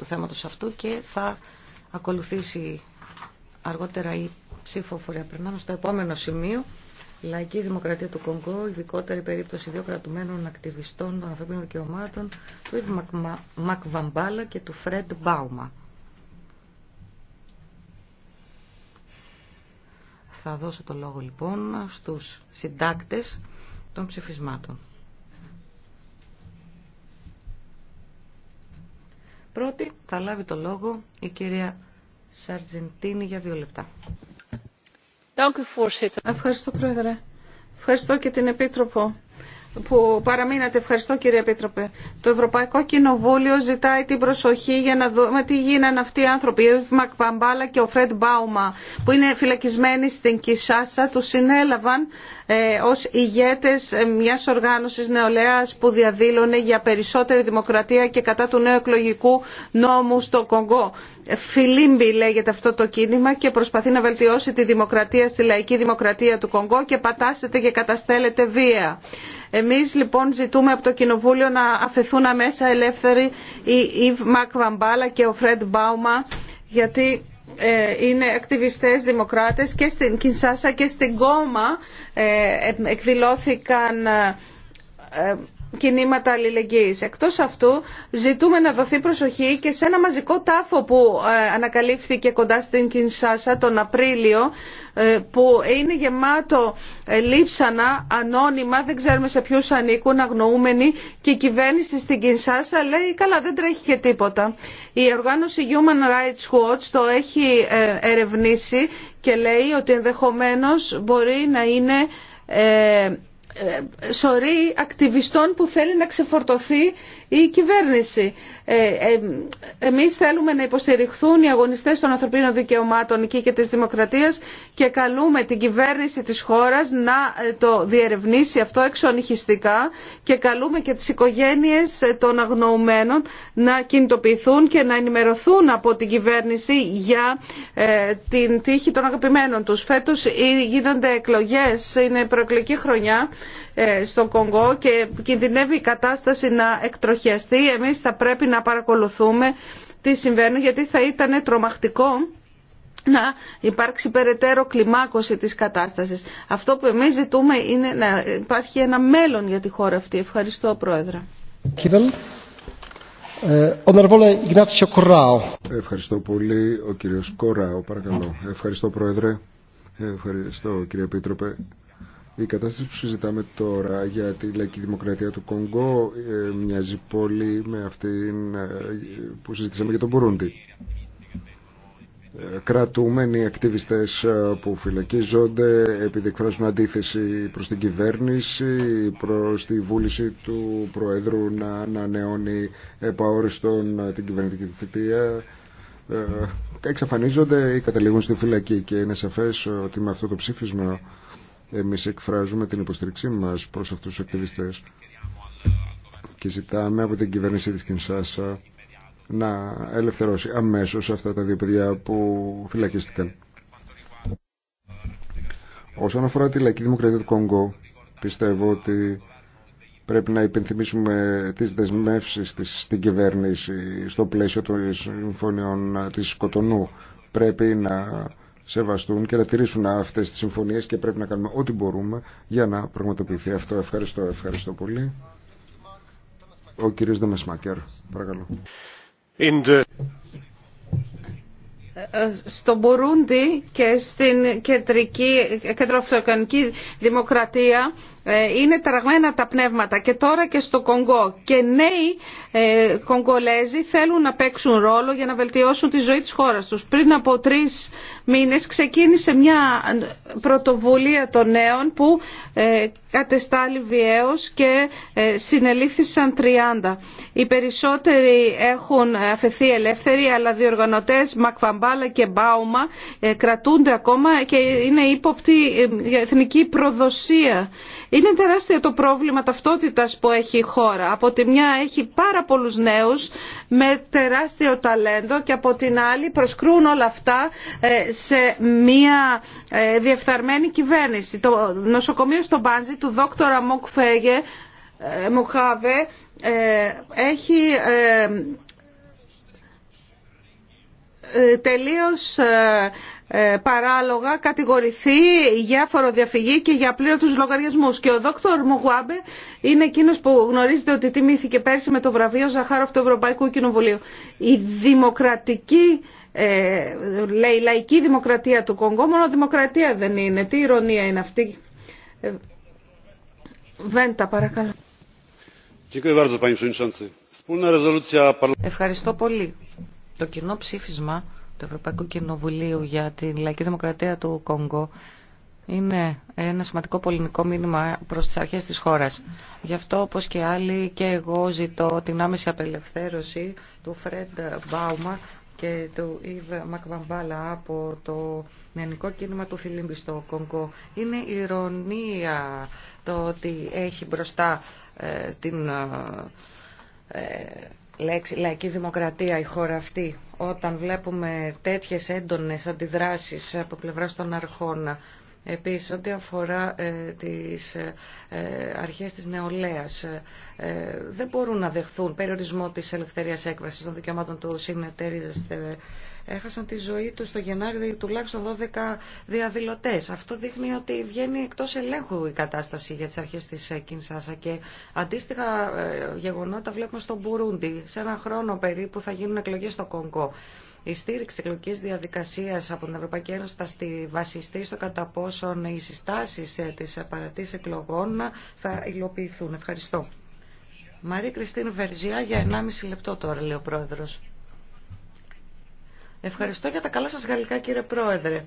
του θέματος αυτού και θα ακολουθήσει αργότερα η ψηφοφορία. Περνάμε στο επόμενο σημείο. Λαϊκή Δημοκρατία του Κονγκό, ειδικότερη περίπτωση δύο κρατουμένων ακτιβιστών των ανθρωπίνων δικαιωμάτων, του Ιβ Μακβαμπάλα και του Φρέντ Μπάουμα. Θα δώσω το λόγο λοιπόν στους συντάκτες των ψηφισμάτων. Πρώτη θα λάβει το λόγο η κυρία Σαρτζεντίνη για δύο λεπτά. Ευχαριστώ, Πρόεδρε. Ευχαριστώ και την Επίτροπο που παραμείνατε. Ευχαριστώ κύριε Επίτροπε. Το Ευρωπαϊκό Κοινοβούλιο ζητάει την προσοχή για να δούμε τι γίνανε αυτοί οι άνθρωποι. Ο Μακ Παμπάλα και ο Φρέντ Μπάουμα που είναι φυλακισμένοι στην Κισάσα του συνέλαβαν ε, ως ηγέτες ε, μιας οργάνωσης νεολαίας που διαδήλωνε για περισσότερη δημοκρατία και κατά του νέου εκλογικού νόμου στο Κονγκό. Φιλίμπι λέγεται αυτό το κίνημα και προσπαθεί να βελτιώσει τη δημοκρατία στη λαϊκή δημοκρατία του Κονγκό και πατάσετε και καταστέλετε βία. Εμείς λοιπόν ζητούμε από το Κοινοβούλιο να αφαιθούν αμέσα ελεύθεροι η Ιβ Μακ Βαμπάλα και ο Φρέντ Μπάουμα γιατί ε, είναι ακτιβιστές δημοκράτες και στην Κινσάσα και στην Κόμα ε, ε, εκδηλώθηκαν κινήματα αλληλεγγύης. Εκτός αυτού ζητούμε να δοθεί προσοχή και σε ένα μαζικό τάφο που ε, ανακαλύφθηκε κοντά στην Κινσάσα τον Απρίλιο ε, που είναι γεμάτο ε, λείψανα, ανώνυμα, δεν ξέρουμε σε ποιους ανήκουν, αγνοούμενοι και η κυβέρνηση στην Κινσάσα λέει καλά δεν τρέχει και τίποτα. Η οργάνωση Human Rights Watch το έχει ερευνήσει και λέει ότι ενδεχομένως μπορεί να είναι ε, σωρή ακτιβιστών που θέλει να ξεφορτωθεί η κυβέρνηση. Ε, ε, εμείς θέλουμε να υποστηριχθούν οι αγωνιστές των ανθρωπίνων δικαιωμάτων εκεί και της δημοκρατίας και καλούμε την κυβέρνηση της χώρας να ε, το διερευνήσει αυτό εξονυχιστικά και καλούμε και τις οικογένειες των αγνοωμένων να κινητοποιηθούν και να ενημερωθούν από την κυβέρνηση για ε, την τύχη των αγαπημένων τους. Φέτος γίνονται εκλογές, είναι προεκλογική χρονιά ε, στο Κονγκό και κινδυνεύει η κατάσταση να εκτροχιαστεί. Εμείς θα πρέπει να παρακολουθούμε τι συμβαίνει γιατί θα ήταν τρομακτικό να υπάρξει περαιτέρω κλιμάκωση της κατάστασης. Αυτό που εμείς ζητούμε είναι να υπάρχει ένα μέλλον για τη χώρα αυτή. Ευχαριστώ Πρόεδρα. Ε, Ευχαριστώ πολύ ο κύριος Κοράο, παρακαλώ. Ευχαριστώ Πρόεδρε. Ευχαριστώ κύριε Επίτροπε. Η κατάσταση που συζητάμε τώρα για τη λαϊκή δημοκρατία του Κονγκό ε, μοιάζει πολύ με αυτή ε, που συζητήσαμε για τον Μπουρούντι. Ε, κρατούμενοι ακτιβιστές που φυλακίζονται επειδή εκφράζουν αντίθεση προς την κυβέρνηση, προς τη βούληση του Προέδρου να ανανεώνει επαόριστον την κυβερνητική θητεία, εξαφανίζονται ή καταλήγουν στη φυλακή και είναι σαφές ότι με αυτό το ψήφισμα εμείς εκφράζουμε την υποστήριξή μας προς αυτούς τους ακτιβιστές και ζητάμε από την κυβέρνηση της Κινσάσα να ελευθερώσει αμέσως αυτά τα δύο παιδιά που φυλακίστηκαν. Όσον αφορά τη λαϊκή δημοκρατία του Κόγκο, πιστεύω ότι πρέπει να υπενθυμίσουμε τις δεσμεύσεις της στην κυβέρνηση στο πλαίσιο των συμφωνιών της Κοτονού. Πρέπει να σεβαστούν και να τηρήσουν αυτές τις συμφωνίες και πρέπει να κάνουμε ό,τι μπορούμε για να πραγματοποιηθεί αυτό. Ευχαριστώ, ευχαριστώ πολύ. Ο κύριος Δεμεσμάκερ, παρακαλώ. Ε, ε, στο Μπουρούντι και στην κεντρική, κεντροαυτοκανική δημοκρατία ε, είναι ταραγμένα τα πνεύματα και τώρα και στο Κονγκό και νέοι ε, Κονγκολέζοι θέλουν να παίξουν ρόλο για να βελτιώσουν τη ζωή της χώρας τους. Πριν από τρεις μήνες ξεκίνησε μια πρωτοβουλία των νέων που ε, κατεστάλλει και ε, συνελήφθησαν 30. Οι περισσότεροι έχουν αφαιθεί ελεύθεροι αλλά διοργανωτές Μακφαμπάλα και Μπάουμα ε, κρατούνται ακόμα και είναι ύποπτοι εθνική προδοσία. Είναι τεράστιο το πρόβλημα ταυτότητας που έχει η χώρα. Από τη μια έχει πάρα πολλούς νέους με τεράστιο ταλέντο και από την άλλη προσκρούν όλα αυτά ε, σε μια ε, διεφθαρμένη κυβέρνηση. Το νοσοκομείο στο Μπάνζι του δόκτωρα Μοκφέγε ε, Μοχάβε έχει ε, τελείως ε, ε, παράλογα κατηγορηθεί για φοροδιαφυγή και για πλήρωτους λογαριασμούς. Και ο δόκτωρ Μουγουάμπε είναι εκείνος που γνωρίζετε ότι τιμήθηκε πέρσι με το βραβείο Ζαχάροφ του Ευρωπαϊκού Κοινοβουλίου. Η δημοκρατική, ε, λέει, λαϊκή δημοκρατία του Κονγκό, μόνο δημοκρατία δεν είναι. Τι ηρωνία είναι αυτή. Βέντα, παρακαλώ. Ευχαριστώ πολύ. Το κοινό ψήφισμα του Ευρωπαϊκού Κοινοβουλίου για την Λαϊκή Δημοκρατία του Κόγκο είναι ένα σημαντικό πολιτικό μήνυμα προς τις αρχές της χώρας. Γι' αυτό, όπως και άλλοι, και εγώ ζητώ την άμεση απελευθέρωση του Φρέντ Μπάουμα και του Ιβ Μακβαμπάλα από το νεανικό κίνημα του Φιλίμπη στο Κονγκό. Είναι ηρωνία το ότι έχει μπροστά ε, την... Ε, ε, λέξη λαϊκή δημοκρατία η χώρα αυτή όταν βλέπουμε τέτοιες έντονες αντιδράσεις από πλευράς των αρχών Επίσης, ό,τι αφορά ε, τις ε, αρχές της νεολαίας, ε, δεν μπορούν να δεχθούν περιορισμό της ελευθερίας έκφρασης των δικαιωμάτων του συνεταιρίζεστε. Έχασαν τη ζωή τους στο Γενάρη τουλάχιστον 12 διαδηλωτές. Αυτό δείχνει ότι βγαίνει εκτός ελέγχου η κατάσταση για τις αρχές της Κινσάσα και αντίστοιχα γεγονότα βλέπουμε στον Μπουρούντι. Σε ένα χρόνο περίπου θα γίνουν εκλογές στο Κονγκό. Η στήριξη εκλογική διαδικασία από την Ευρωπαϊκή Ένωση θα στη βασιστεί στο κατά πόσον οι συστάσει ε, τη παρατή εκλογών θα υλοποιηθούν. Ευχαριστώ. Μαρή Κριστίν Βερζιά για 1,5 λεπτό τώρα, λέει ο Πρόεδρος. Ευχαριστώ για τα καλά σας γαλλικά, κύριε Πρόεδρε.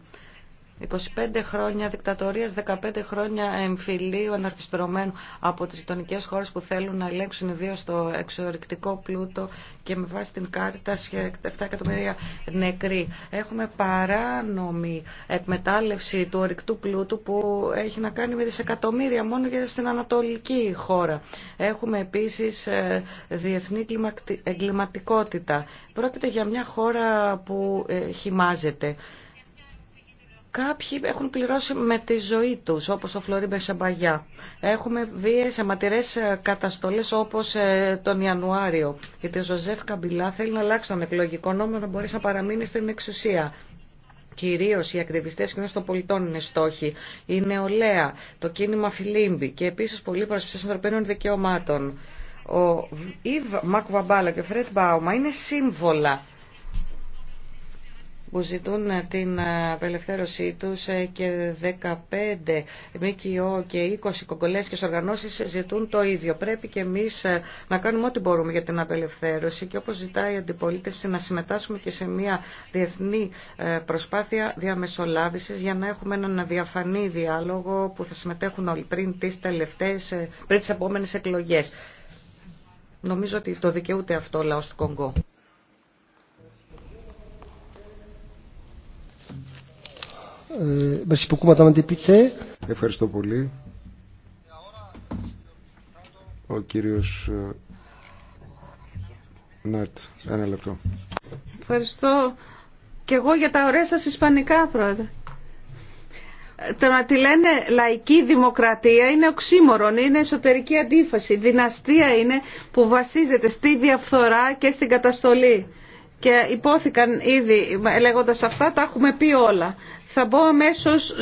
25 χρόνια δικτατορίας, 15 χρόνια εμφυλίου αναρχιστρωμένου από τις γειτονικέ χώρες που θέλουν να ελέγξουν ιδίω το εξορρυκτικό πλούτο και με βάση την κάρτα 7 εκατομμύρια νεκροί. Έχουμε παράνομη εκμετάλλευση του ορυκτού πλούτου που έχει να κάνει με δισεκατομμύρια μόνο για στην ανατολική χώρα. Έχουμε επίσης ε, διεθνή εγκληματικότητα. Πρόκειται για μια χώρα που ε, χυμάζεται. Κάποιοι έχουν πληρώσει με τη ζωή τους, όπως ο Φλωρίμπε Σαμπαγιά. Έχουμε βίες αματηρές ε, καταστολές, όπως ε, τον Ιανουάριο. Γιατί ο Ζωζεύ Καμπιλά θέλει να αλλάξει τον εκλογικό νόμο να μπορέσει να παραμείνει στην εξουσία. Κυρίω οι ακτιβιστέ κοινωνία των πολιτών είναι στόχοι. Η νεολαία, το κίνημα Φιλίμπη και επίση πολλοί προσφυγέ ανθρωπίνων δικαιωμάτων. Ο Ιβ Μακουβαμπάλα και ο Φρέτ Μπάουμα είναι σύμβολα που ζητούν ε, την ε, απελευθέρωσή τους ε, και 15 ΜΚΟ και 20 και οργανώσεις ζητούν το ίδιο. Πρέπει και εμείς να κάνουμε ό,τι μπορούμε για την απελευθέρωση και όπως ζητάει η αντιπολίτευση να συμμετάσχουμε και σε μια διεθνή προσπάθεια διαμεσολάβησης για να έχουμε έναν διαφανή διάλογο που θα συμμετέχουν όλοι πριν τι τελευταίες, πριν τις επόμενες εκλογές. Νομίζω ότι το δικαιούται αυτό ο λαός του Κονγκό. Ε, Ευχαριστώ πολύ. Ο κύριος ε, Νάρτ, ένα λεπτό. Ευχαριστώ και εγώ για τα ωραία σας ισπανικά, πρόεδρε. Το να τη λένε λαϊκή δημοκρατία είναι οξύμορον, είναι εσωτερική αντίφαση. Δυναστεία είναι που βασίζεται στη διαφθορά και στην καταστολή. Και υπόθηκαν ήδη, λέγοντας αυτά, τα έχουμε πει όλα. Θα μπω αμέσως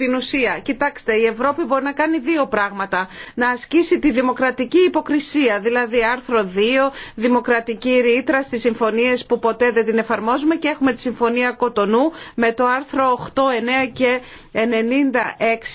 στην ουσία. Κοιτάξτε, η Ευρώπη μπορεί να κάνει δύο πράγματα. Να ασκήσει τη δημοκρατική υποκρισία, δηλαδή άρθρο 2, δημοκρατική ρήτρα στις συμφωνίες που ποτέ δεν την εφαρμόζουμε και έχουμε τη συμφωνία Κοτονού με το άρθρο 8, 9 και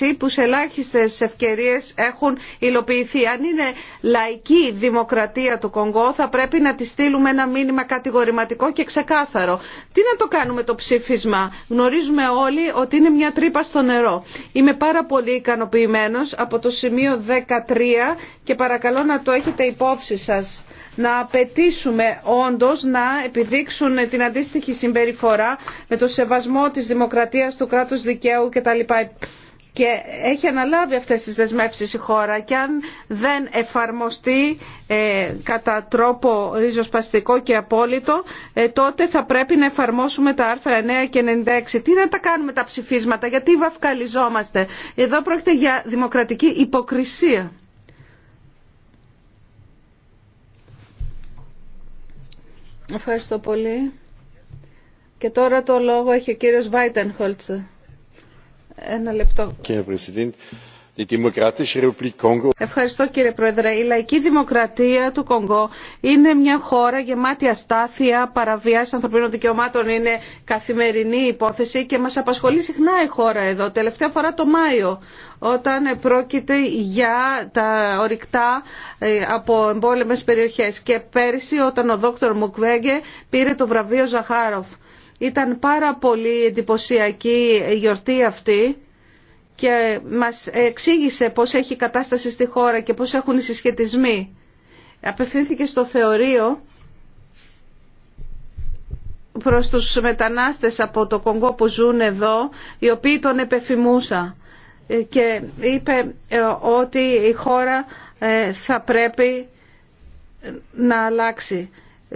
96 που σε ελάχιστε ευκαιρίε έχουν υλοποιηθεί. Αν είναι λαϊκή δημοκρατία του Κονγκό θα πρέπει να τη στείλουμε ένα μήνυμα κατηγορηματικό και ξεκάθαρο. Τι να το κάνουμε το ψήφισμα. Γνωρίζουμε όλοι ότι είναι μια τρύπα στο νερό. Είμαι πάρα πολύ ικανοποιημένος από το σημείο 13 και παρακαλώ να το έχετε υπόψη σας. Να απαιτήσουμε όντως να επιδείξουν την αντίστοιχη συμπεριφορά με το σεβασμό της δημοκρατίας, του κράτους δικαίου κτλ και έχει αναλάβει αυτές τις δεσμεύσεις η χώρα και αν δεν εφαρμοστεί ε, κατά τρόπο ριζοσπαστικό και απόλυτο ε, τότε θα πρέπει να εφαρμόσουμε τα άρθρα 9 και 96. Τι να τα κάνουμε τα ψηφίσματα, γιατί βαφκαλιζόμαστε. Εδώ πρόκειται για δημοκρατική υποκρισία. Ευχαριστώ πολύ. Και τώρα το λόγο έχει ο κύριος Βάιτενχολτσε. Ένα λεπτό. Κύριε Ευχαριστώ κύριε Πρόεδρε. Η λαϊκή δημοκρατία του Κονγκό είναι μια χώρα γεμάτη αστάθεια, παραβιάση ανθρωπίνων δικαιωμάτων είναι καθημερινή υπόθεση και μας απασχολεί συχνά η χώρα εδώ. Τελευταία φορά το Μάιο όταν πρόκειται για τα ορυκτά ε, από εμπόλεμες περιοχές και πέρσι όταν ο δόκτωρ Μουκβέγγε πήρε το βραβείο Ζαχάροφ. Ήταν πάρα πολύ εντυπωσιακή η γιορτή αυτή και μας εξήγησε πώς έχει η κατάσταση στη χώρα και πώς έχουν οι συσχετισμοί. Απευθύνθηκε στο θεωρείο προς τους μετανάστες από το Κονγκό που ζουν εδώ, οι οποίοι τον επεφημούσα και είπε ε, ότι η χώρα ε, θα πρέπει να αλλάξει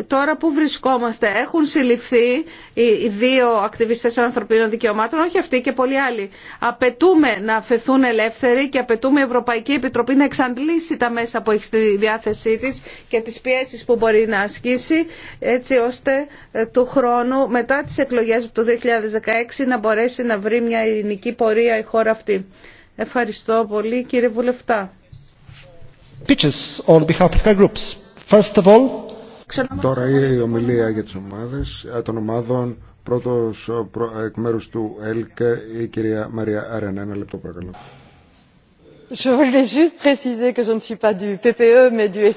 τώρα που βρισκόμαστε. Έχουν συλληφθεί οι δύο ακτιβιστές ανθρωπίνων δικαιωμάτων, όχι αυτοί και πολλοί άλλοι. Απαιτούμε να φεθούν ελεύθεροι και απαιτούμε η Ευρωπαϊκή Επιτροπή να εξαντλήσει τα μέσα που έχει στη διάθεσή της και τις πιέσεις που μπορεί να ασκήσει, έτσι ώστε ε, του χρόνου μετά τις εκλογές του 2016 να μπορέσει να βρει μια ειρηνική πορεία η χώρα αυτή. Ευχαριστώ πολύ κύριε Βουλευτά. Pitches on behalf of groups. First of all, Τώρα η ομιλία για τις ομάδες, ε, των ομάδων. Πρώτος εκ μέρους του Έλκε η κυρία Μαρία Αρένα. Ένα λεπτό παρακαλώ.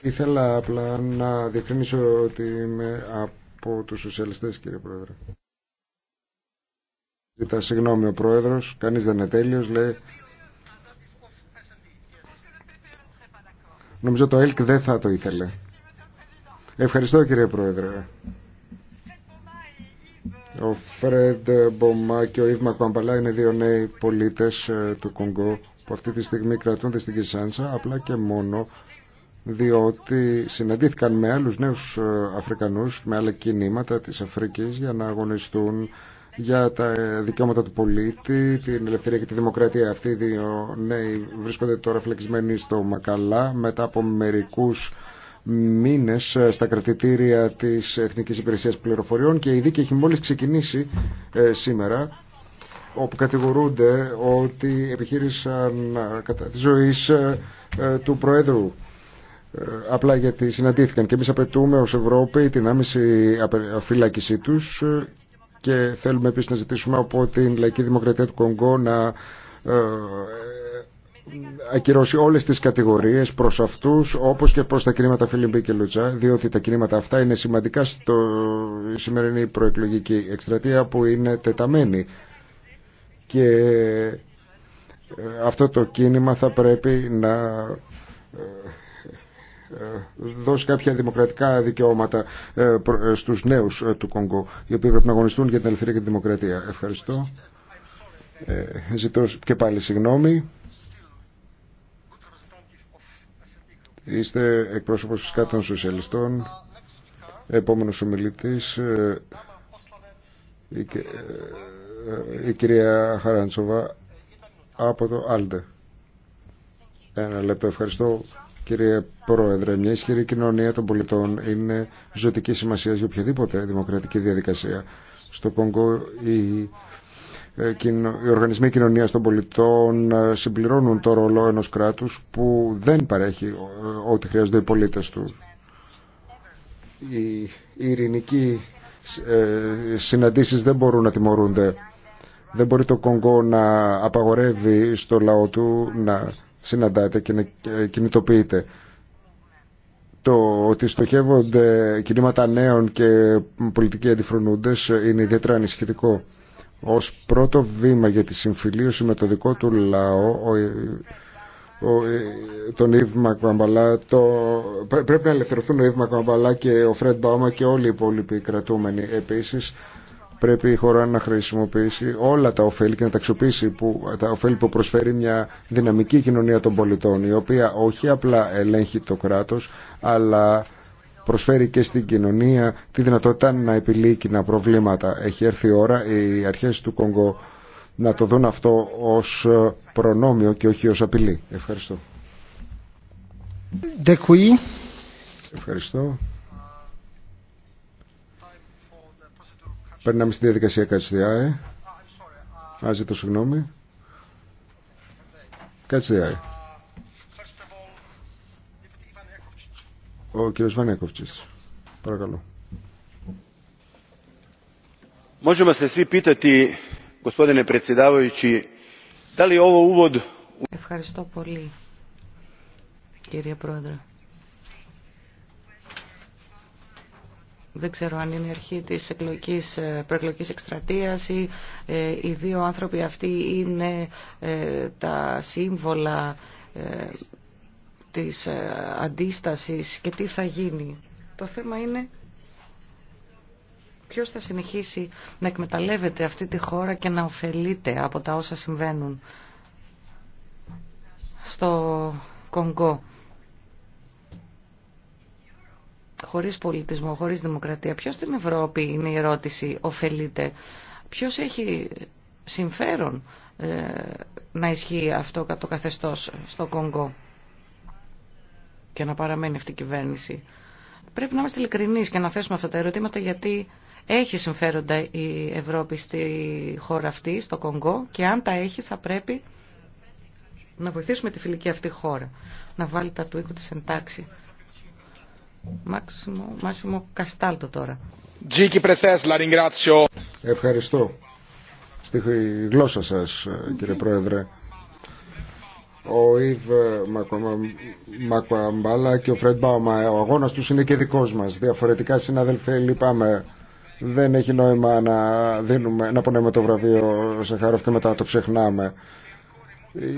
Ήθελα απλά να διακρίνησω ότι είμαι από τους σοσιαλιστές κύριε Πρόεδρε. Ζητά συγγνώμη ο Πρόεδρος, κανείς δεν είναι τέλειος, λέει. Νομίζω το ΕΛΚ δεν θα το ήθελε. Ευχαριστώ κύριε Πρόεδρε. Ο Φρέντ Μπομά και ο Ιβ Μακουαμπαλά είναι δύο νέοι πολίτες ε, του Κονγκό που αυτή τη στιγμή κρατούνται στην Κισάνσα απλά και μόνο διότι συναντήθηκαν με άλλους νέους ε, Αφρικανούς, με άλλα κινήματα της Αφρικής για να αγωνιστούν για τα ε, δικαιώματα του πολίτη, την ελευθερία και τη δημοκρατία. Αυτοί οι δύο νέοι βρίσκονται τώρα φλεξμένοι στο Μακαλά μετά από μερικούς μήνες ε, στα κρατητήρια της Εθνικής Υπηρεσίας Πληροφοριών και η δίκη έχει μόλις ξεκινήσει ε, σήμερα όπου κατηγορούνται ότι επιχείρησαν ε, κατά τη ζωή του Προέδρου απλά γιατί συναντήθηκαν και εμείς απαιτούμε ως Ευρώπη την άμεση φυλάκισή τους και θέλουμε επίσης να ζητήσουμε από την Λαϊκή Δημοκρατία του Κονγκό να ακυρώσει όλες τις κατηγορίες προς αυτούς όπως και προς τα κινήματα Φιλιμπή και Λουτσά διότι τα κινήματα αυτά είναι σημαντικά στη σημερινή προεκλογική εκστρατεία που είναι τεταμένη και ε, αυτό το κίνημα θα πρέπει να ε, ε, δώσει κάποια δημοκρατικά δικαιώματα στους νέους του Κονγκό οι οποίοι πρέπει να αγωνιστούν για την ελευθερία και την δημοκρατία. Ευχαριστώ. Ζητώ και πάλι συγγνώμη. Είστε εκπρόσωπος φυσικά των σοσιαλιστών. Επόμενος ομιλητής, ε, η, ε, η κυρία Χαράντσοβα από το Άλντε. Ένα λεπτό. Ευχαριστώ κύριε Πρόεδρε. Μια ισχυρή κοινωνία των πολιτών είναι ζωτική σημασία για οποιαδήποτε δημοκρατική διαδικασία. Στο Κονγκό η ε, οι οργανισμοί κοινωνίας των πολιτών ε, συμπληρώνουν το ρόλο ενός κράτους που δεν παρέχει ε, ό,τι χρειάζονται οι πολίτες του. Οι ειρηνικοί συναντήσεις δεν μπορούν να τιμωρούνται. Δεν μπορεί το Κονγκό να απαγορεύει στο λαό του να συναντάται και να κινητοποιείται. Το ότι στοχεύονται κινήματα νέων και πολιτικοί αντιφρονούντες είναι ιδιαίτερα ανησυχητικό ως πρώτο βήμα για τη συμφιλίωση με το δικό του λαό ο, ε, ο, ε, τον το, πρέπει να ελευθερωθούν ο Ιβ Μακβαμπαλά και ο Φρέντ Μπάουμα και όλοι οι υπόλοιποι κρατούμενοι επίσης πρέπει η χώρα να χρησιμοποιήσει όλα τα ωφέλη και να τα που, τα ωφέλη που προσφέρει μια δυναμική κοινωνία των πολιτών η οποία όχι απλά ελέγχει το κράτος αλλά προσφέρει και στην κοινωνία τη δυνατότητα να επιλύει κοινά προβλήματα. Έχει έρθει η ώρα οι αρχές του Κονγκό να το δουν αυτό ως προνόμιο και όχι ως απειλή. Ευχαριστώ. Ευχαριστώ. Περνάμε στη διαδικασία Κατσδιάε. Α, το συγγνώμη. Κατσδιάε. Ο κύριος Βανέκοφτσης. Παρακαλώ. Ευχαριστώ πολύ, κύριε Πρόεδρε. Δεν ξέρω αν είναι η αρχή της εκλογικής, ε, προεκλογικής εκστρατείας ή ε, οι δύο άνθρωποι αυτοί είναι ε, τα σύμβολα ε, της ε, αντίστασης και τι θα γίνει. Το θέμα είναι ποιος θα συνεχίσει να εκμεταλλεύεται αυτή τη χώρα και να ωφελείται από τα όσα συμβαίνουν στο Κονγκό. Χωρίς πολιτισμό, χωρίς δημοκρατία. Ποιος στην Ευρώπη είναι η ερώτηση, ωφελείται. Ποιος έχει συμφέρον ε, να ισχύει αυτό το καθεστώς στο Κονγκό και να παραμένει αυτή η κυβέρνηση. Πρέπει να είμαστε ειλικρινεί και να θέσουμε αυτά τα ερωτήματα γιατί έχει συμφέροντα η Ευρώπη στη χώρα αυτή, στο Κονγκό και αν τα έχει θα πρέπει να βοηθήσουμε τη φιλική αυτή χώρα να βάλει τα του οίκου της εντάξει. Μάξιμο, Μάσιμο Καστάλτο τώρα. Ευχαριστώ. Στη γλώσσα σας κύριε Πρόεδρε ο Ιβ Μακουαμπάλα και ο Φρεντ Μπάουμα. Ο αγώνας του είναι και δικό μας. Διαφορετικά συναδελφέ λυπάμαι. Δεν έχει νόημα να, δίνουμε, να πονέμε το βραβείο Σαχάροφ και μετά να το ξεχνάμε.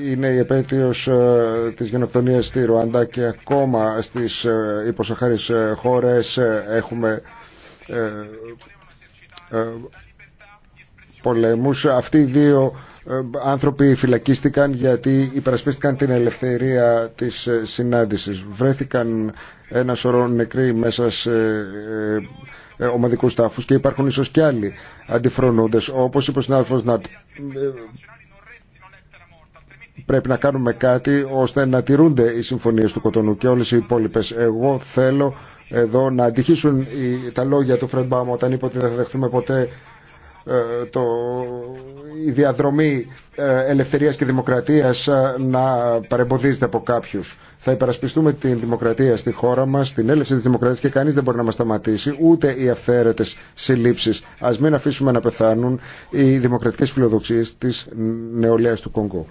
Είναι η επέτειος ε, της γενοκτονίας στη Ρουάντα και ακόμα στις χώρε ε, χώρες ε, έχουμε πολέμους. Αυτοί οι δύο ε, άνθρωποι φυλακίστηκαν γιατί υπερασπίστηκαν την ελευθερία της ε, συνάντησης. Βρέθηκαν ένα σωρό νεκροί μέσα σε ε, ομαδικούς τάφους και υπάρχουν ίσως και άλλοι αντιφρονούντες όπως είπε ο συνάδελφος Νατ πρέπει να κάνουμε κάτι ώστε να τηρούνται οι συμφωνίες του Κοτονού και όλες οι υπόλοιπες. Εγώ θέλω εδώ να αντιχήσουν τα λόγια του Φρεντ Μπάμ όταν είπε ότι δεν θα δεχτούμε ποτέ ε, το, η διαδρομή ε, ελευθερίας και δημοκρατίας ε, να παρεμποδίζεται από κάποιους. Θα υπερασπιστούμε την δημοκρατία στη χώρα μας, την έλευση της δημοκρατίας και κανείς δεν μπορεί να μας σταματήσει, ούτε οι αυθαίρετες συλλήψεις. Ας μην αφήσουμε να πεθάνουν οι δημοκρατικές φιλοδοξίες της νεολαίας του Κονγκό.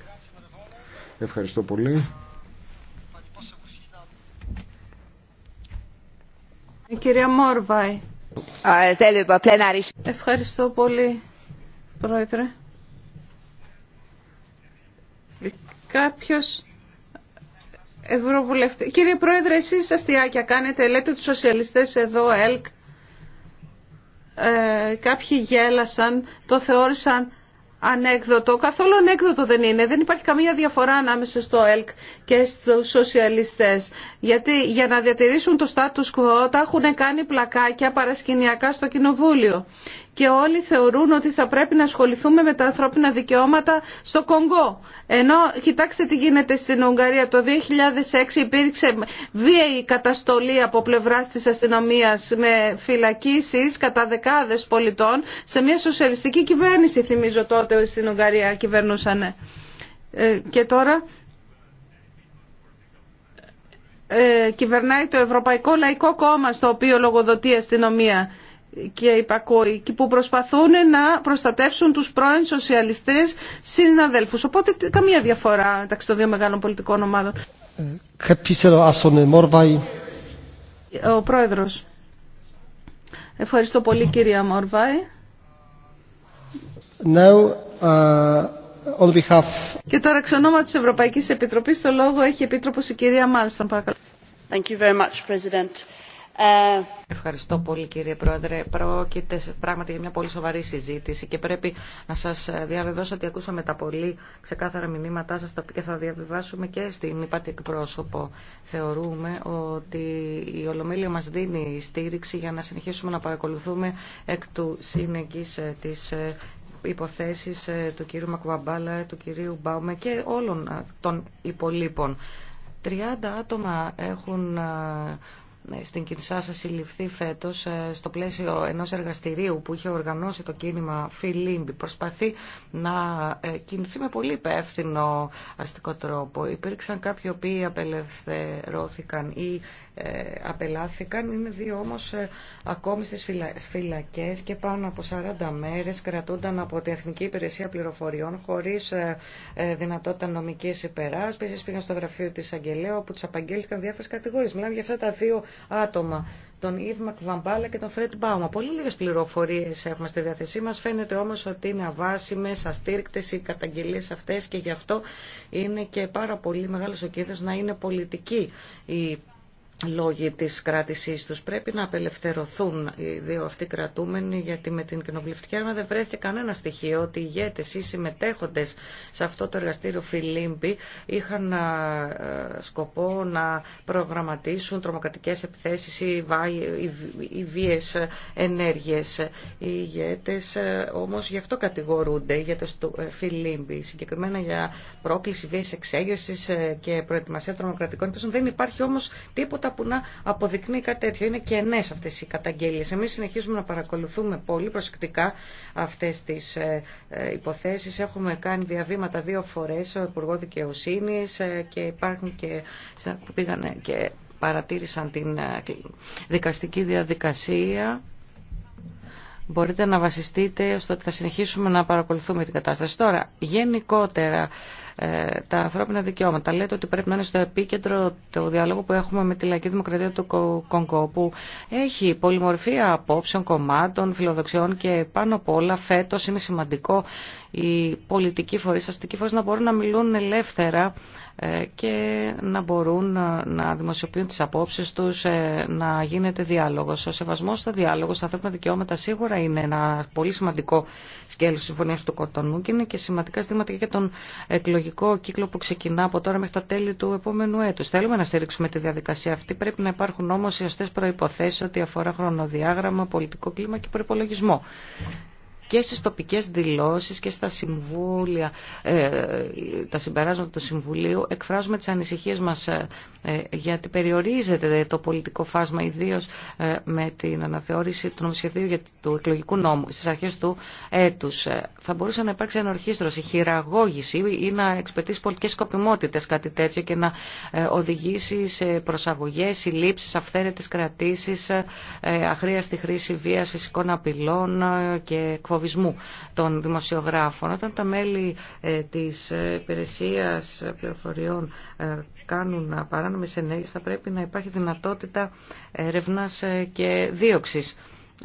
Ευχαριστώ πολύ. κυρία Ευχαριστώ πολύ, Πρόεδρε. Ε, κάποιος Ευρωβουλευτή. Κύριε Πρόεδρε, εσείς αστειάκια κάνετε, λέτε τους σοσιαλιστές εδώ, ΕΛΚ. Ε, κάποιοι γέλασαν, το θεώρησαν ανέκδοτο, καθόλου ανέκδοτο δεν είναι. Δεν υπάρχει καμία διαφορά ανάμεσα στο ΕΛΚ και στους σοσιαλιστές. Γιατί για να διατηρήσουν το status quo τα έχουν κάνει πλακάκια παρασκηνιακά στο Κοινοβούλιο και όλοι θεωρούν ότι θα πρέπει να ασχοληθούμε με τα ανθρώπινα δικαιώματα στο Κονγκό. Ενώ κοιτάξτε τι γίνεται στην Ουγγαρία. Το 2006 υπήρξε βίαιη καταστολή από πλευρά τη αστυνομία με φυλακίσει κατά δεκάδε πολιτών σε μια σοσιαλιστική κυβέρνηση, θυμίζω τότε στην Ουγγαρία κυβερνούσαν. Ε, και τώρα ε, κυβερνάει το Ευρωπαϊκό Λαϊκό Κόμμα στο οποίο λογοδοτεί αστυνομία και και που προσπαθούν να προστατεύσουν τους πρώην σοσιαλιστές συναδέλφους. Οπότε καμία διαφορά μεταξύ των δύο μεγάλων πολιτικών ομάδων. Ο Πρόεδρος. Ευχαριστώ πολύ κυρία Μόρβαη. Now, uh, on behalf... Και τώρα εξ της Ευρωπαϊκής Επιτροπής το λόγο έχει η Επίτροπος η κυρία Μάλστον. Παρακαλώ. Thank you very ε, Ευχαριστώ πολύ κύριε Πρόεδρε. Πρόκειται πράγματι για μια πολύ σοβαρή συζήτηση και πρέπει να σας ε, διαβεβαιώσω ότι ακούσαμε τα πολύ ξεκάθαρα μηνύματά σας και θα διαβιβάσουμε και στην υπάτη εκπρόσωπο. Θεωρούμε ότι η Ολομέλεια μας δίνει στήριξη για να συνεχίσουμε να παρακολουθούμε εκ του σύνεγγης ε, της υποθέσεις του κύριου Μακουαμπάλα, του κυρίου Μπάουμε και όλων των υπολείπων. 30 άτομα έχουν ε, στην Κινσάσα συλληφθεί φέτος ε, στο πλαίσιο ενός εργαστηρίου που είχε οργανώσει το κίνημα Φιλίμπη. Προσπαθεί να ε, κινηθεί με πολύ υπεύθυνο αστικό τρόπο. Υπήρξαν κάποιοι οποίοι απελευθερώθηκαν ή ε, απελάθηκαν. Είναι δύο όμως ε, ακόμη στις φυλακές και πάνω από 40 μέρες κρατούνταν από την Εθνική Υπηρεσία Πληροφοριών χωρίς ε, δυνατότητα νομικής υπεράσπισης. Πήγαν στο γραφείο της Αγγελέα όπου τους απαγγέλθηκαν διάφορες κατηγορίες. Μιλάμε για αυτά τα δύο άτομα τον Ιβ Μακβαμπάλα και τον Φρέντ Μπάουμα. Πολύ λίγε πληροφορίε έχουμε στη διάθεσή μα. Φαίνεται όμω ότι είναι αβάσιμε, αστήρικτε οι καταγγελίε αυτέ και γι' αυτό είναι και πάρα πολύ μεγάλο ο κίνδυνο να είναι πολιτική λόγοι της κράτησής τους. Πρέπει να απελευθερωθούν οι δύο αυτοί κρατούμενοι γιατί με την κοινοβουλευτική έρευνα δεν βρέθηκε κανένα στοιχείο ότι οι ηγέτες ή συμμετέχοντες σε αυτό το εργαστήριο Φιλίμπη είχαν ε, σκοπό να προγραμματίσουν τρομοκρατικές επιθέσεις ή βίες ενέργειες. Οι ηγέτες ε, όμως γι' αυτό κατηγορούνται, για το ε, Φιλίμπη, συγκεκριμένα για πρόκληση βίας εξέγερσης και προετοιμασία τρομοκρατικών επιθέσεων. Δεν υπάρχει όμως τίποτα που να αποδεικνύει κάτι τέτοιο. Είναι κενέ αυτέ οι καταγγέλίε. Εμεί συνεχίζουμε να παρακολουθούμε πολύ προσεκτικά αυτέ τι ε, ε, υποθέσει. Έχουμε κάνει διαβήματα δύο φορέ ο Υπουργό Δικαιοσύνη ε, και υπάρχουν και, και παρατήρησαν την δικαστική διαδικασία. Μπορείτε να βασιστείτε στο ότι θα συνεχίσουμε να παρακολουθούμε την κατάσταση. Τώρα, γενικότερα, ε, τα ανθρώπινα δικαιώματα. Λέτε ότι πρέπει να είναι στο επίκεντρο του διάλογο που έχουμε με τη Λαϊκή Δημοκρατία του Κονγκό, που έχει πολυμορφία απόψεων, κομμάτων, φιλοδοξιών και πάνω απ' όλα φέτο είναι σημαντικό οι πολιτικοί φορεί, οι αστικοί φορεί να μπορούν να μιλούν ελεύθερα ε, και να μπορούν να δημοσιοποιούν τις απόψεις τους, ε, να γίνεται διάλογο. Ο σεβασμό στο διάλογο, στα ανθρώπινα δικαιώματα σίγουρα είναι ένα πολύ σημαντικό σκέλο τη Συμφωνία του Κοτονού και είναι και σημαντικά ζητήματα και τον εκλογικό κύκλο που ξεκινά από τώρα μέχρι τα τέλη του επόμενου έτους. Θέλουμε να στηρίξουμε τη διαδικασία αυτή. Πρέπει να υπάρχουν όμως οι προποθέσει προϋποθέσεις ότι αφορά χρονοδιάγραμμα, πολιτικό κλίμα και προπολογισμό και στις τοπικές δηλώσεις και στα συμβούλια, ε, τα συμπεράσματα του Συμβουλίου εκφράζουμε τις ανησυχίες μας ε, ε, γιατί περιορίζεται το πολιτικό φάσμα ιδίως με την αναθεώρηση του νομοσχεδίου για το εκλογικού νόμου στις αρχές του έτους. Θα μπορούσε να υπάρξει ενορχίστρωση, χειραγώγηση ή να εξπετήσει πολιτικές σκοπιμότητες κάτι τέτοιο και να οδηγήσει σε προσαγωγές, συλλήψεις, αυθαίρετες κρατήσεις, αχρίαστη χρήση βίας, φυσικών απειλών και εκφοβισμού φοβισμού των δημοσιογράφων. Όταν τα μέλη ε, της υπηρεσία πληροφοριών ε, κάνουν παράνομες ενέργειες θα πρέπει να υπάρχει δυνατότητα έρευνα ε, και δίωξη.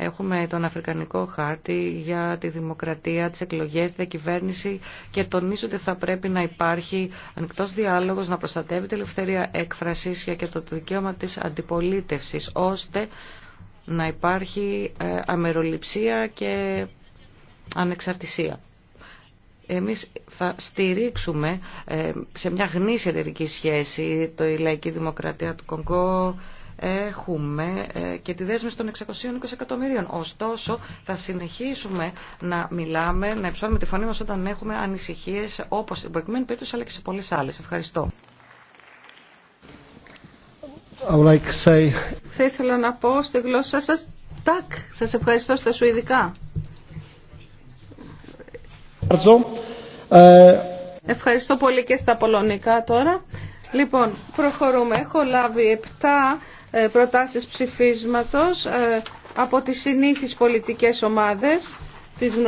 Έχουμε τον Αφρικανικό χάρτη για τη δημοκρατία, τις εκλογές, τη κυβέρνηση και τονίζω ότι θα πρέπει να υπάρχει ανοιχτό διάλογος, να προστατεύεται η ελευθερία έκφρασης και το δικαίωμα της αντιπολίτευσης, ώστε να υπάρχει αμεροληψία και ανεξαρτησία. Εμείς θα στηρίξουμε ε, σε μια γνήσια εταιρική σχέση το η λαϊκή δημοκρατία του Κονγκό, έχουμε ε, και τη δέσμευση των 620 εκατομμυρίων. Ωστόσο, θα συνεχίσουμε να μιλάμε, να υψώνουμε τη φωνή μας όταν έχουμε ανησυχίες, όπως στην προηγουμένη περίπτωση, αλλά και σε πολλές άλλες. Ευχαριστώ. Θα ήθελα να πω στη γλώσσα σας, τάκ, σας ευχαριστώ στα Σουηδικά. Ε, Ευχαριστώ πολύ και στα πολωνικά τώρα. Λοιπόν, προχωρούμε. Έχω λάβει 7 ε, προτάσεις ψηφίσματος ε, από τις συνήθεις πολιτικές ομάδες της